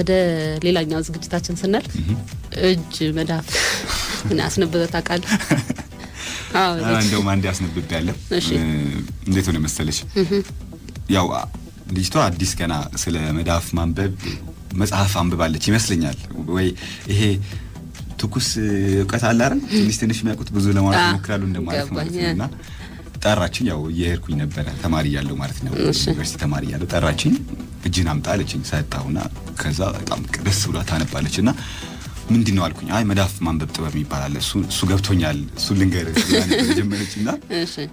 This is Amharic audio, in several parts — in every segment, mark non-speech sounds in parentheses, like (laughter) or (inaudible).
ወደ ሌላኛው ዝግጅታችን ስናል እጅ መዳፍ ምን አስነብበ ታውቃለህ? እንደውም አንድ ያስነብብ ያለ እንዴት ሆነ መሰለሽ፣ ያው ልጅቷ አዲስ ገና ስለ መዳፍ ማንበብ መጽሐፍ አንብባለች ይመስለኛል። ወይ ይሄ ትኩስ እውቀት አለ አይደል? ትንሽ ትንሽ የሚያውቁት ብዙ ለማለት ይሞክራሉ እንደማለት ማለት ነው እና ጠራችኝ። ያው እየሄድኩኝ ነበረ ተማሪ ያለው ማለት ነው ዩኒቨርሲቲ ተማሪ ያለው ጠራችኝ እጅን አምጣ አለችኝ። ሰጣሁና ከዛ በጣም ደስ ብሏ ታነባለች እና ምንድን ነው አልኩኝ። አይ መዳፍ ማንበብ ጥበብ ይባላል እሱ ገብቶኛል፣ እሱ ልንገር ጀመረች እና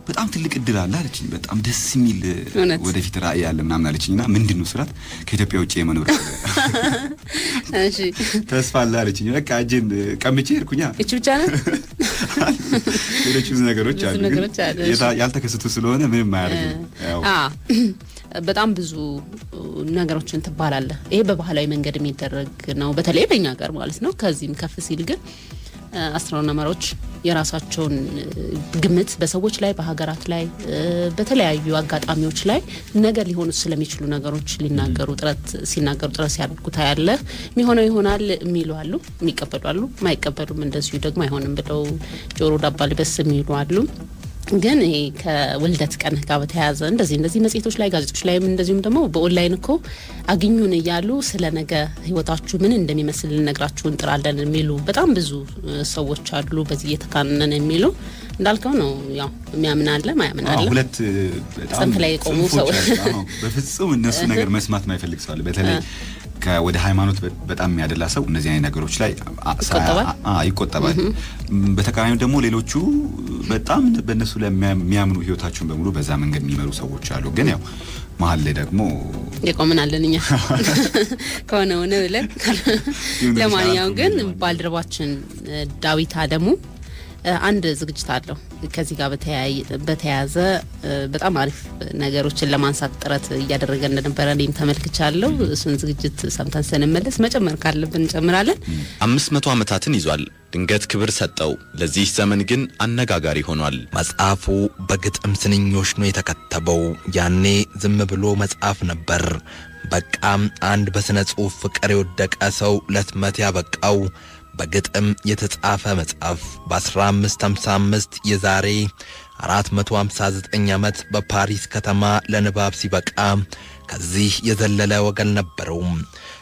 በጣም ትልቅ እድል አለ አለችኝ። በጣም ደስ የሚል ወደፊት ራእይ ያለ ምናምን አለችኝ እና ምንድን ነው ስራት ከኢትዮጵያ ውጭ የመኖር ተስፋ አለ አለችኝ። በቃ እጄን ቀምቼ ሄድኩኛ። እች ብቻ ነው ሌሎች ብዙ ነገሮች አሉ፣ ግን ያልተከሰቱ ስለሆነ ምንም አያደርግም። በጣም ብዙ ነገሮችን ትባላለህ። ይሄ በባህላዊ መንገድ የሚደረግ ነው፣ በተለይ በኛ ሀገር ማለት ነው። ከዚህም ከፍ ሲል ግን አስትሮኖመሮች የራሳቸውን ግምት በሰዎች ላይ፣ በሀገራት ላይ፣ በተለያዩ አጋጣሚዎች ላይ ነገ ሊሆኑ ስለሚችሉ ነገሮች ሊናገሩ ጥረት ሲናገሩ ጥረት ሲያደርጉ ታያለህ። የሚሆነው ይሆናል የሚሉ አሉ፣ የሚቀበሉ አሉ፣ ማይቀበሉም እንደዚሁ ደግሞ አይሆንም ብለው ጆሮ ዳባ ልበስ የሚሉ አሉ። ግን ይሄ ከውልደት ቀን ጋር በተያያዘ እንደዚህ እንደዚህ መጽሔቶች ላይ ጋዜጦች ላይ እንደዚሁም ደግሞ በኦንላይን እኮ አግኙን እያሉ ስለ ነገ ህይወታችሁ ምን እንደሚመስል ልነግራችሁ እንጥራለን የሚሉ በጣም ብዙ ሰዎች አሉ። በዚህ እየተካነን የሚሉ እንዳልከው ነው። ያው የሚያምናለ ማያምናለ ሁለት ጽንፍ ላይ የቆሙ ሰዎች በፍጹም እነሱ (laughs) ነገር መስማት ማይፈልግ ሰዋል። በተለይ ወደ ሃይማኖት በጣም የሚያደላ ሰው እነዚህ አይነት ነገሮች ላይ ይቆጠባል። በተቃራኒው ደግሞ ሌሎቹ በጣም በእነሱ ላይ የሚያምኑ ህይወታቸውን በሙሉ በዛ መንገድ የሚመሩ ሰዎች አሉ። ግን ያው መሀል ላይ ደግሞ የቆምናለን እኛ (laughs) ከሆነ ሆነ ብለን። ለማንኛውም ግን ባልደረባችን ዳዊት አደሙ አንድ ዝግጅት አለው። ከዚህ ጋር በተያያዘ በጣም አሪፍ ነገሮችን ለማንሳት ጥረት እያደረገ እንደነበረ እኔም ተመልክቻለሁ። እሱን ዝግጅት ሰምተን ስንመለስ መጨመር ካለብን እንጨምራለን። አምስት መቶ ዓመታትን ይዟል። ድንገት ክብር ሰጠው፣ ለዚህ ዘመን ግን አነጋጋሪ ሆኗል። መጽሐፉ በግጥም ስንኞች ነው የተከተበው። ያኔ ዝም ብሎ መጽሐፍ ነበር። በቃም አንድ በሥነ ጽሑፍ ፍቅር የወደቀ ሰው ለትመት ያበቃው በግጥም የተጻፈ መጽሐፍ በ1555 የዛሬ 459 ዓመት በፓሪስ ከተማ ለንባብ ሲበቃ ከዚህ የዘለለ ወግ አልነበረውም።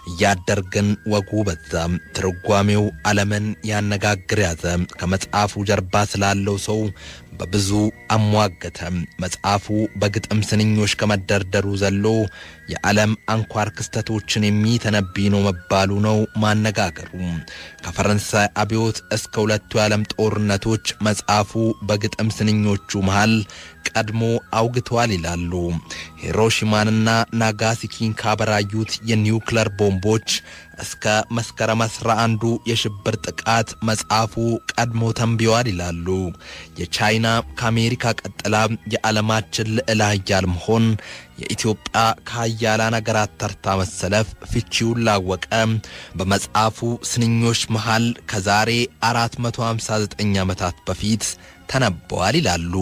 እያደር ግን ወጉ በዛ፣ ትርጓሜው ዓለምን ያነጋግር ያዘ። ከመጽሐፉ ጀርባ ስላለው ሰው በብዙ አሟገተም። መጽሐፉ በግጥም ስንኞች ከመደርደሩ ዘሎ የዓለም አንኳር ክስተቶችን የሚተነብይ ነው መባሉ ነው ማነጋገሩ። ከፈረንሳይ አብዮት እስከ ሁለቱ የዓለም ጦርነቶች መጽሐፉ በግጥም ስንኞቹ መሃል ቀድሞ አውግተዋል ይላሉ። ሂሮሺማንና ናጋሲኪን ካበራዩት የኒውክለር ቦምቦች እስከ መስከረም አስራ አንዱ የሽብር ጥቃት መጽሐፉ ቀድሞ ተንቢዋል ይላሉ። የቻይና ከአሜሪካ ቀጥላ የዓለማችን ልዕለ ኃያል መሆን የኢትዮጵያ ከሀያላን አገራት ተርታ መሰለፍ ፍቺውን ላወቀ በመጽሐፉ ስንኞች መሃል ከዛሬ 459 ዓመታት በፊት ተነበዋል ይላሉ።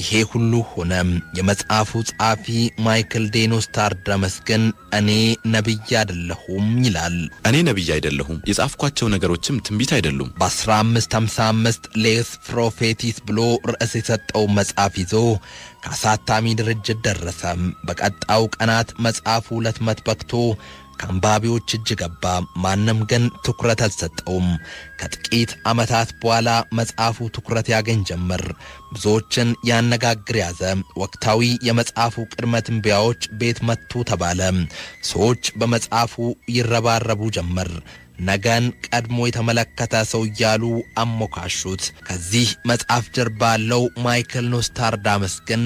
ይሄ ሁሉ ሆነም የመጽሐፉ ጸሐፊ ማይክል ዴኖስ ታርዳመስ ግን እኔ ነቢይ አይደለሁም ይላል። እኔ ነቢይ አይደለሁም፣ የጻፍኳቸው ነገሮችም ትንቢት አይደሉም። በ1555 ሌስ ፕሮፌቲስ ብሎ ርዕስ የሰጠው መጽሐፍ ይዞ ከአሳታሚ ድርጅት ደረሰም። በቀጣው ቀናት መጽሐፉ ለህትመት በቅቶ ከአንባቢዎች እጅ ገባ። ማንም ግን ትኩረት አልሰጠውም። ከጥቂት ዓመታት በኋላ መጽሐፉ ትኩረት ያገኝ ጀመር። ብዙዎችን ያነጋግር ያዘ። ወቅታዊ የመጽሐፉ ቅድመ ትንበያዎች ቤት መቱ ተባለ። ሰዎች በመጽሐፉ ይረባረቡ ጀመር። ነገን ቀድሞ የተመለከተ ሰው እያሉ አሞካሹት። ከዚህ መጽሐፍ ጀርባ ያለው ማይክል ኖስታርዳምስ ግን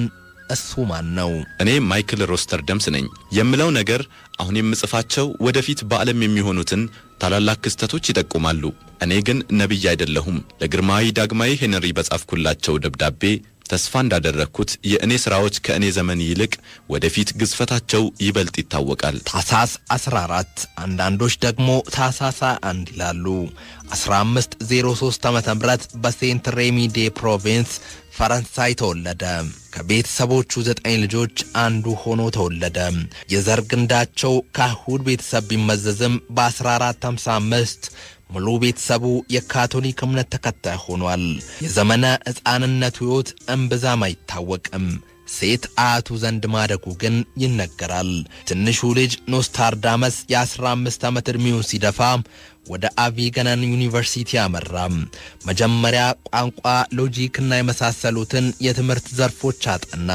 እሱ ማን ነው? እኔ ማይክል ሮስተርደምስ ነኝ። የምለው ነገር አሁን የምጽፋቸው ወደፊት በዓለም የሚሆኑትን ታላላቅ ክስተቶች ይጠቁማሉ። እኔ ግን ነቢይ አይደለሁም። ለግርማዊ ዳግማዊ ሄንሪ በጻፍኩላቸው ደብዳቤ ተስፋ እንዳደረግኩት የእኔ ሥራዎች ከእኔ ዘመን ይልቅ ወደፊት ግዝፈታቸው ይበልጥ ይታወቃል። ታሳስ 14 አንዳንዶች ደግሞ ታሳሳ አንድ ይላሉ። 1503 ዓ ም በሴንት ሬሚ ዴ ፕሮቪንስ ፈረንሳይ ተወለደ። ከቤተሰቦቹ ዘጠኝ ልጆች አንዱ ሆኖ ተወለደ። የዘር ግንዳቸው ከአይሁድ ቤተሰብ ቢመዘዝም በ1455 ሙሉ ቤተሰቡ የካቶሊክ እምነት ተከታይ ሆኗል። የዘመነ ሕፃንነቱ ሕይወት እምብዛም አይታወቅም። ሴት አያቱ ዘንድ ማደጉ ግን ይነገራል። ትንሹ ልጅ ኖስታርዳመስ የ15 ዓመት ዕድሜውን ሲደፋ ወደ አቪገነን ዩኒቨርሲቲ አመራ። መጀመሪያ ቋንቋ፣ ሎጂክና የመሳሰሉትን የትምህርት ዘርፎች አጠና።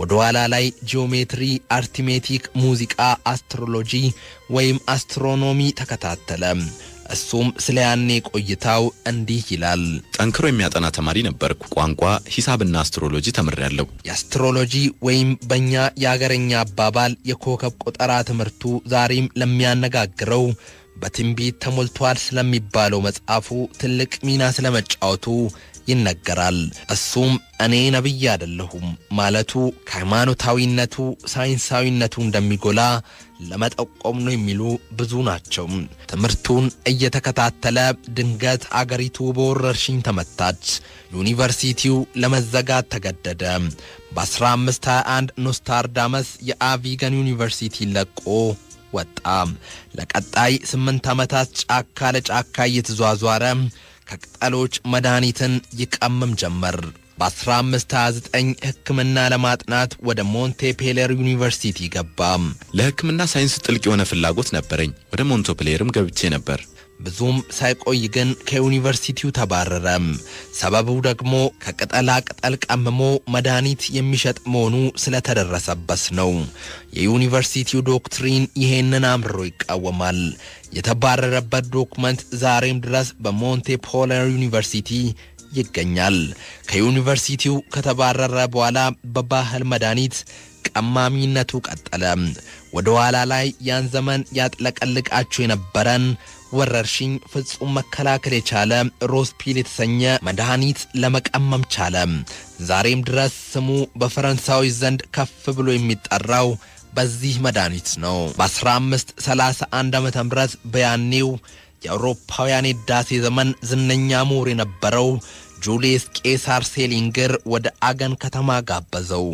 ወደ ኋላ ላይ ጂኦሜትሪ፣ አርቲሜቲክ፣ ሙዚቃ፣ አስትሮሎጂ ወይም አስትሮኖሚ ተከታተለ። እሱም ስለ ያኔ ቆይታው እንዲህ ይላል። ጠንክሮ የሚያጠና ተማሪ ነበርኩ። ቋንቋ፣ ሂሳብና አስትሮሎጂ ተምሬያለሁ። የአስትሮሎጂ ወይም በእኛ የአገረኛ አባባል የኮከብ ቆጠራ ትምህርቱ ዛሬም ለሚያነጋግረው በትንቢት ተሞልቷል ስለሚባለው መጽሐፉ ትልቅ ሚና ስለመጫወቱ ይነገራል። እሱም እኔ ነቢይ አይደለሁም ማለቱ ከሃይማኖታዊነቱ ሳይንሳዊነቱ እንደሚጎላ ለመጠቆም ነው የሚሉ ብዙ ናቸው። ትምህርቱን እየተከታተለ ድንገት አገሪቱ በወረርሽኝ ተመታች። ዩኒቨርሲቲው ለመዘጋት ተገደደ። በ1521 ኖስታርዳመስ የአቪገን ዩኒቨርሲቲ ለቆ ወጣ። ለቀጣይ ስምንት ዓመታት ጫካ ለጫካ እየተዟዟረ ከቅጠሎች መድኃኒትን ይቀምም ጀመር። በ1529 ሕክምና ለማጥናት ወደ ሞንቴፔሌር ዩኒቨርሲቲ ገባ። ለሕክምና ሳይንስ ጥልቅ የሆነ ፍላጎት ነበረኝ። ወደ ሞንቴ ገብቼ ነበር። ብዙም ሳይቆይ ግን ከዩኒቨርሲቲው ተባረረ። ሰበቡ ደግሞ ከቅጠላ ቅጠል ቀምሞ መድኃኒት የሚሸጥ መሆኑ ስለተደረሰበት ነው። የዩኒቨርሲቲው ዶክትሪን ይሄንን አምርሮ ይቃወማል። የተባረረበት ዶክመንት ዛሬም ድረስ በሞንቴ ፖለር ዩኒቨርሲቲ ይገኛል። ከዩኒቨርሲቲው ከተባረረ በኋላ በባህል መድኃኒት ቀማሚነቱ ቀጠለ። ወደ ኋላ ላይ ያን ዘመን ያጥለቀልቃቸው የነበረን ወረርሽኝ ፍጹም መከላከል የቻለ ሮስፒል የተሰኘ መድኃኒት ለመቀመም ቻለ። ዛሬም ድረስ ስሙ በፈረንሳዊ ዘንድ ከፍ ብሎ የሚጠራው በዚህ መድኃኒት ነው። በ1531 ዓ ም በያኔው የአውሮፓውያን የዳሴ ዘመን ዝነኛ ምሁር የነበረው ጁልየስ ቄሳር ሴሊንግር ወደ አገን ከተማ ጋበዘው።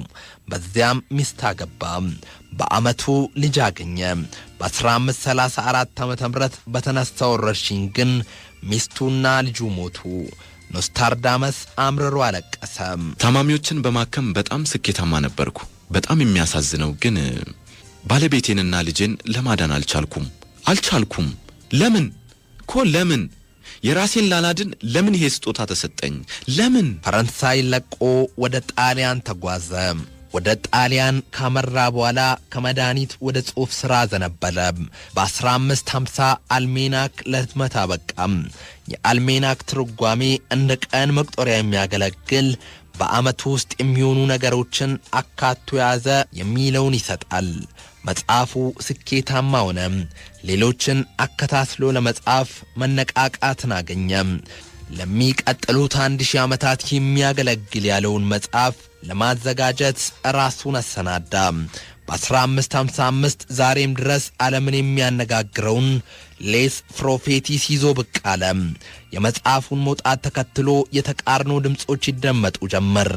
በዚያም ሚስት አገባ። በአመቱ ልጅ አገኘ። በ1534 ዓ ም በተነሳው ወረርሽኝ ግን ሚስቱና ልጁ ሞቱ። ኖስታርዳመስ አምርሮ አለቀሰ። ታማሚዎችን በማከም በጣም ስኬታማ ነበርኩ። በጣም የሚያሳዝነው ግን ባለቤቴንና ልጄን ለማዳን አልቻልኩም። አልቻልኩም። ለምን እኮ ለምን የራሴን ላላድን ለምን ይሄ ስጦታ ተሰጠኝ? ለምን ፈረንሳይ ለቆ ወደ ጣሊያን ተጓዘ። ወደ ጣሊያን ካመራ በኋላ ከመድኃኒት ወደ ጽሑፍ ሥራ ዘነበለ። በ1550 አልሜናክ ለህትመት አበቃም። የአልሜናክ ትርጓሜ እንደ ቀን መቁጠሪያ የሚያገለግል በዓመቱ ውስጥ የሚሆኑ ነገሮችን አካቶ የያዘ የሚለውን ይሰጣል። መጽሐፉ ስኬታማ ሆነ። ሌሎችን አከታትሎ ለመጻፍ መነቃቃትን አገኘ። ለሚቀጥሉት አንድ ሺህ ዓመታት የሚያገለግል ያለውን መጽሐፍ ለማዘጋጀት ራሱን አሰናዳ። በ1555 ዛሬም ድረስ ዓለምን የሚያነጋግረውን ሌስ ፕሮፌቲስ ይዞ ብቅ አለ። የመጽሐፉን መውጣት ተከትሎ የተቃርኖ ድምፆች ይደመጡ ጀመር።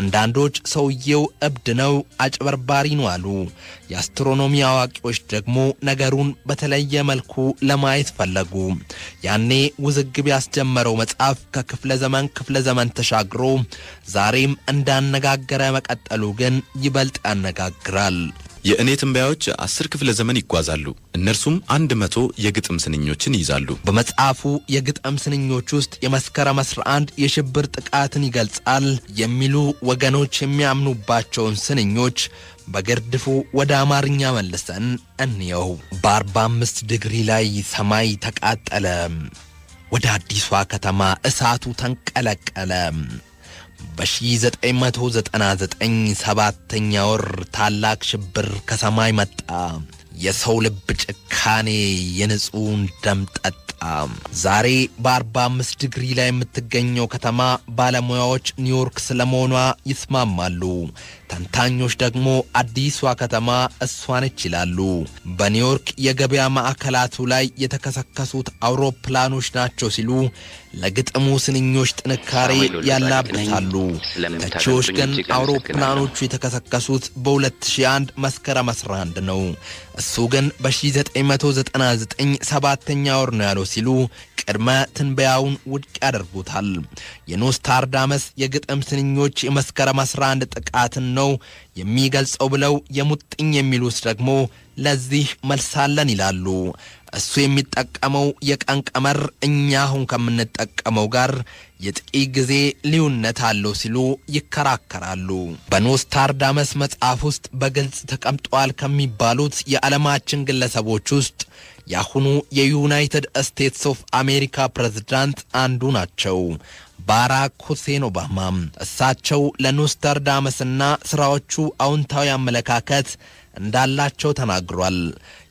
አንዳንዶች ሰውየው እብድ ነው፣ አጭበርባሪ ነው አሉ። የአስትሮኖሚ አዋቂዎች ደግሞ ነገሩን በተለየ መልኩ ለማየት ፈለጉ። ያኔ ውዝግብ ያስጀመረው መጽሐፍ ከክፍለ ዘመን ክፍለ ዘመን ተሻግሮ ዛሬም እንዳነጋገረ መቀጠሉ ግን ይበልጥ ያነጋግራል። የእኔ ትንበያዎች አስር ክፍለ ዘመን ይጓዛሉ። እነርሱም አንድ መቶ የግጥም ስንኞችን ይይዛሉ። በመጽሐፉ የግጥም ስንኞች ውስጥ የመስከረም አንድ የሽብር ጥቃትን ይገልጻል የሚሉ ወገኖች የሚያምኑባቸውን ስንኞች በግርድፉ ወደ አማርኛ መልሰን እንየው። አምስት ዲግሪ ላይ ሰማይ ተቃጠለ። ወደ አዲሷ ከተማ እሳቱ ተንቀለቀለ። በ1999 ሰባተኛ ወር ታላቅ ሽብር ከሰማይ መጣ። የሰው ልብ ጭካኔ የንጹህን ደም ጠጣ። ዛሬ በ45 ዲግሪ ላይ የምትገኘው ከተማ ባለሙያዎች ኒውዮርክ ስለመሆኗ ይስማማሉ። ተንታኞች ደግሞ አዲሷ ከተማ እሷ ነች ይላሉ። በኒውዮርክ የገበያ ማዕከላቱ ላይ የተከሰከሱት አውሮፕላኖች ናቸው ሲሉ ለግጥሙ ስንኞች ጥንካሬ ያላብሳሉ። ተቺዎች ግን አውሮፕላኖቹ የተከሰከሱት በ2001 መስከረም 11 ነው፣ እሱ ግን በ1999 ሰባተኛ ወር ነው ያለው ሲሉ ቅድመ ትንበያውን ውድቅ ያደርጉታል። የኖስታርዳመስ የግጥም ስንኞች የመስከረም 11 ጥቃትን ነው የሚገልጸው ብለው የሙጥኝ የሚሉት ደግሞ ለዚህ መልሳለን ይላሉ። እሱ የሚጠቀመው የቀን ቀመር እኛ አሁን ከምንጠቀመው ጋር የጥቂት ጊዜ ልዩነት አለው ሲሉ ይከራከራሉ። በኖስታርዳመስ መጽሐፍ ውስጥ በግልጽ ተቀምጠዋል ከሚባሉት የዓለማችን ግለሰቦች ውስጥ የአሁኑ የዩናይትድ ስቴትስ ኦፍ አሜሪካ ፕሬዝዳንት አንዱ ናቸው። ባራክ ሁሴን ኦባማ እሳቸው ለኖስተርዳመስና ስራዎቹ አዎንታዊ አመለካከት እንዳላቸው ተናግሯል።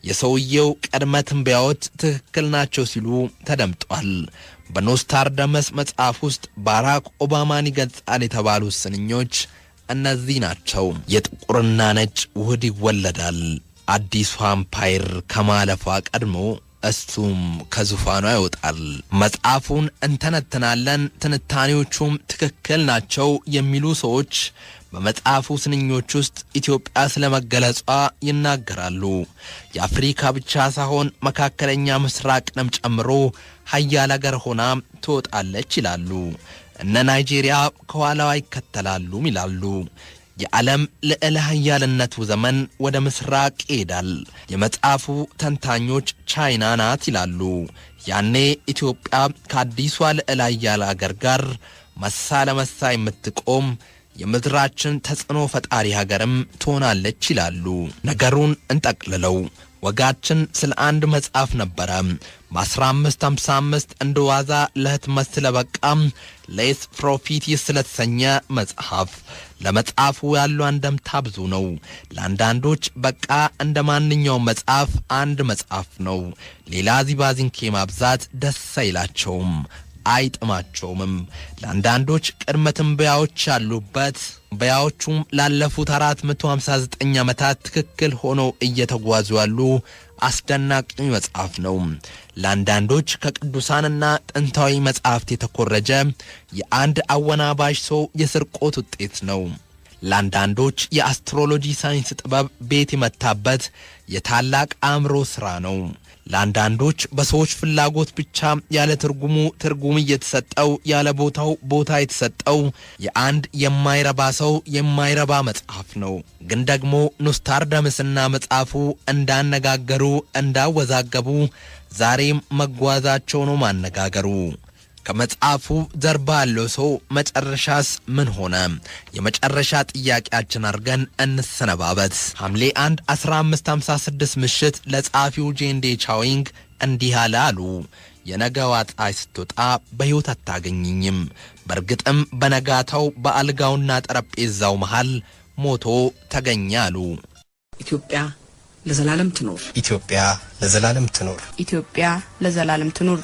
የሰውየው ቀድመ ትንበያዎች ትክክል ናቸው ሲሉ ተደምጧል። በኖስታርደመስ መጽሐፍ ውስጥ ባራክ ኦባማን ይገልጻል የተባሉ ስንኞች እነዚህ ናቸው። የጥቁርና ነጭ ውህድ ይወለዳል። አዲሱ አምፓይር ከማለፏ ቀድሞ እሱም ከዙፋኗ ይወጣል። መጽሐፉን እንተነትናለን፣ ትንታኔዎቹም ትክክል ናቸው የሚሉ ሰዎች በመጽሐፉ ስንኞች ውስጥ ኢትዮጵያ ስለ መገለጿ ይናገራሉ። የአፍሪካ ብቻ ሳይሆን መካከለኛ ምስራቅንም ጨምሮ ሀያል አገር ሆና ትወጣለች ይላሉ። እነ ናይጄሪያ ከኋላዋ ይከተላሉም ይላሉ። የዓለም ልዕለ ሀያልነቱ ዘመን ወደ ምስራቅ ይሄዳል። የመጽሐፉ ተንታኞች ቻይና ናት ይላሉ። ያኔ ኢትዮጵያ ከአዲሷ ልዕለ ሀያል አገር ጋር መሳ ለመሳ የምትቆም የምድራችን ተጽዕኖ ፈጣሪ ሀገርም ትሆናለች ይላሉ። ነገሩን እንጠቅልለው። ወጋችን ስለ አንድ መጽሐፍ ነበረ። በ1555 እንደ ዋዛ ለህትመት ስለበቃም ሌስ ፕሮፊቲስ ስለተሰኘ መጽሐፍ ለመጽሐፉ ያሉ አንደምታ ብዙ ነው። ለአንዳንዶች በቃ እንደ ማንኛውም መጽሐፍ አንድ መጽሐፍ ነው፣ ሌላ ዚባዚንኬ ማብዛት ደስ አይላቸውም። አይጥማቸውምም። ለአንዳንዶች ቅድመ ትንበያዎች ያሉበት በያዎቹም ላለፉት 459 ዓመታት ትክክል ሆነው እየተጓዙ ያሉ አስደናቂ መጽሐፍ ነው። ለአንዳንዶች ከቅዱሳንና ጥንታዊ መጽሐፍት የተኮረጀ የአንድ አወናባሽ ሰው የስርቆት ውጤት ነው። ለአንዳንዶች የአስትሮሎጂ ሳይንስ ጥበብ ቤት የመታበት የታላቅ አእምሮ ሥራ ነው። ለአንዳንዶች በሰዎች ፍላጎት ብቻ ያለ ትርጉሙ ትርጉም እየተሰጠው ያለ ቦታው ቦታ የተሰጠው የአንድ የማይረባ ሰው የማይረባ መጽሐፍ ነው። ግን ደግሞ ኖስታርዳምስና መጽሐፉ እንዳነጋገሩ እንዳወዛገቡ ዛሬም መጓዛቸው ነው ማነጋገሩ። ከመጽሐፉ ጀርባ ያለው ሰው መጨረሻስ ምን ሆነ? የመጨረሻ ጥያቄያችን አድርገን እንሰነባበት። ሐምሌ 1 1556 ምሽት ለጸሐፊው ጄንዴ ቻዊንግ እንዲህ አለ አሉ። የነገዋ ጣይ ስትወጣ በሕይወት አታገኝኝም። በእርግጥም በነጋታው በአልጋውና ጠረጴዛው መሃል ሞቶ ተገኘ አሉ። ኢትዮጵያ ለዘላለም ትኖር። ኢትዮጵያ ለዘላለም ትኖር። ኢትዮጵያ ለዘላለም ትኖር።